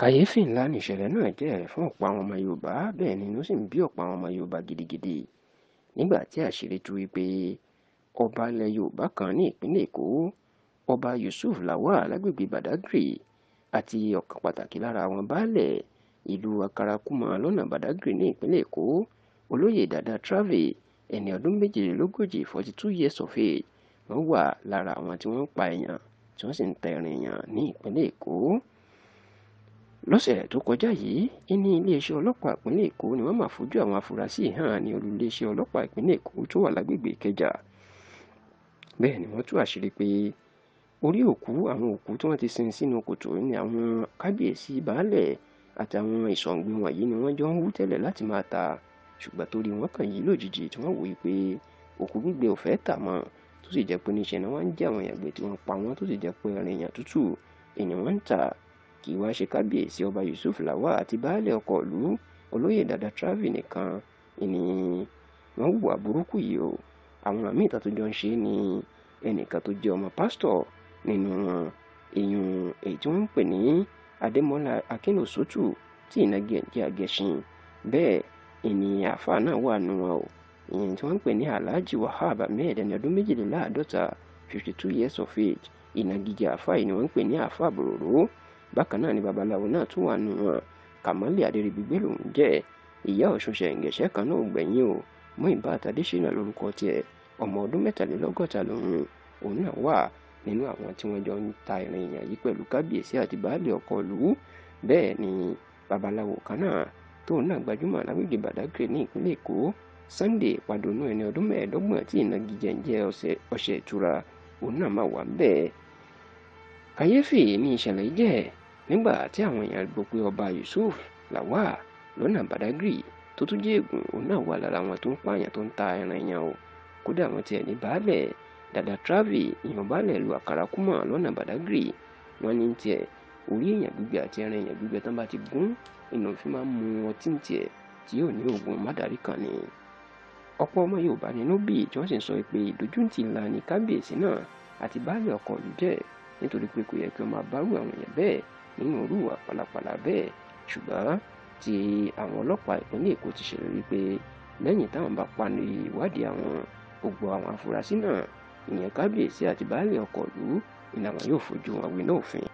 kàyéfì ńlá nìṣẹ̀lẹ̀ náà jẹ́ fún ọ̀pọ̀ àwọn ọmọ yorùbá bẹ́ẹ̀ ni inú sì ń bí ọ̀pọ̀ àwọn ọmọ yorùbá gidigidi nígbà tí àṣírí tú wípé ọba ilẹ̀ yorùbá kan ní ìpínlẹ̀ èkó ọba yusuf lawa lágbègbè badagry àti ọ̀kan pàtàkì lára àwọn baálẹ̀ ìlú akarakuma lọ́nà badagry ní ìpínlẹ̀ èkó olóyè dada travel ẹni ọdún méjìlélógójì forty two years of age wọ́n wà lára àwọn tí wọ́n pa èèyàn tí wọ́n sì ń ta èèyàn ní ìpínlẹ̀ èkó lọ́sẹ̀ tó kọjá yìí ní iléeṣẹ́ ọlọ́pàá ìpínlẹ̀ èkó ni wọ́n máa fojú àwọn afurasí hàn ní olú iléeṣẹ́ ọlọ́pàá ìpínlẹ̀ èkó tó wà lágbègbè ìkẹjà bẹ́ẹ̀ ni wọ́n tú àṣírí pé orí òkú àwọn òkú tí wọ́n ti sin sínú kòtò ni àwọn kábíyèsí baálẹ̀ àtàwọn ìsọ̀ǹgbé wọ̀nyí ni wọ́n jọ ń wú tẹ́lẹ̀ láti máa ta ṣùgbọ́n torí wọ́n kàn yí lójijì tí wọ́n wòye pé òkú gbígbẹ ò fẹ́ tà mọ́ tó sì jẹ́ pé níṣẹ́ ni wọ́n ń jẹ́ àwọn èèyàn gbé tí wọ́n pa wọ́n tó sì jẹ́ pé ẹran èèyàn tútù èèyàn wọ́n ń tà kì í wá ṣe kábíyèsí ọba Yusuf Lawal àti baálẹ̀ ọkọ̀ ìlú olóyè Dada Travi nìkan ni wọ́n hùwà burúkú yìí o àwọn míì tó jọ ń ṣe ni ẹnìkan tó jẹ́ ọmọ pásítọ̀ nínú èèyàn èyí tí wọ́n ń pè ní Adémọ́lá Akínòsótù tí ìnagijẹ jẹ́ Àgẹ̀ṣin bẹ́ẹ̀ ìní àáfàá náà wà nù wọn o ìyẹn tí wọ́n ń pè ní Alhaji Wahab Ahmed ẹni ọdún méjìléláàádọ́ta fifty two years of age ìnagijẹ àáfàá yìí ni wọ́n ń pè ní àáfàá bòròró bákan náà ni babaláwo náà tún wà nù wọn kàmọ́lì adéríbigbé lòún jẹ́ ìyá ọ̀ṣun ṣẹ̀ǹgẹ̀ṣẹ̀ kan náà gbẹ̀yìn o Muyibat Adéṣínà lórúkọ tiẹ̀ ọmọ ọdún mẹ́tàlélọ́gọ́ta lòun òun náà wà nínú àwọn tí wọ́n jọ ń ta ìrìn ìyàn yìí pẹ̀lú kábíyèsí àti baálé ọkọ ìlú bẹ́ẹ̀ ni babaláwo kan náà tóun náà gbajúmọ̀ lágbègbè Badagry ní ìpínlẹ̀ Èkó Sunday Padonu ẹni ọdún mẹ́ẹ̀ẹ́dọ́gbọ̀n tí ìnagijẹ ń jẹ́ ọṣẹ ìtura òun náà máa wà ń bẹ́ẹ̀ kàyéfì ni ìṣẹ̀lẹ̀ jẹ́ nígbà tí àwọn èèyàn gbọ́ pé ọba Yusuf Lawal lọ́nà Badagry tó tún jẹ́ ègùn òun náà wà lára àwọn tó ń pààyàn tó ń ta ẹran o kódà wọn tiẹ̀ ní baálẹ̀ Dada Travi èèyàn baálẹ̀ lu àkàràkùmọ̀ lọ́nà Badagry wọn ní tiẹ̀ orí èèyàn gbígbẹ àti ẹran èèyàn gbígbẹ tán bá ti gún ìnà fi máa ń mu ọtí tiẹ̀ tí yóò ní mádàrí kan ni ọ̀pọ̀ ọmọ Yorùbá nínú bí sọ pé ìdójútì ńlá ni kábíyèsí náà àti baálẹ̀ ọkọ̀ nítorí pé kò nínú irú ìwà pàlàpàlà bẹ́ẹ̀ ṣùgbọ́n tí àwọn ọlọ́pàá ìpínlẹ̀ Èkó ti ṣèlérí pé lẹ́yìn táwọn bá parí ìwádìí àwọn gbogbo àwọn afurasí náà ìyẹn kábíyèsí àti baálé ọkọ̀ ìlú ìlànà yóò fojú wọn winá òfin.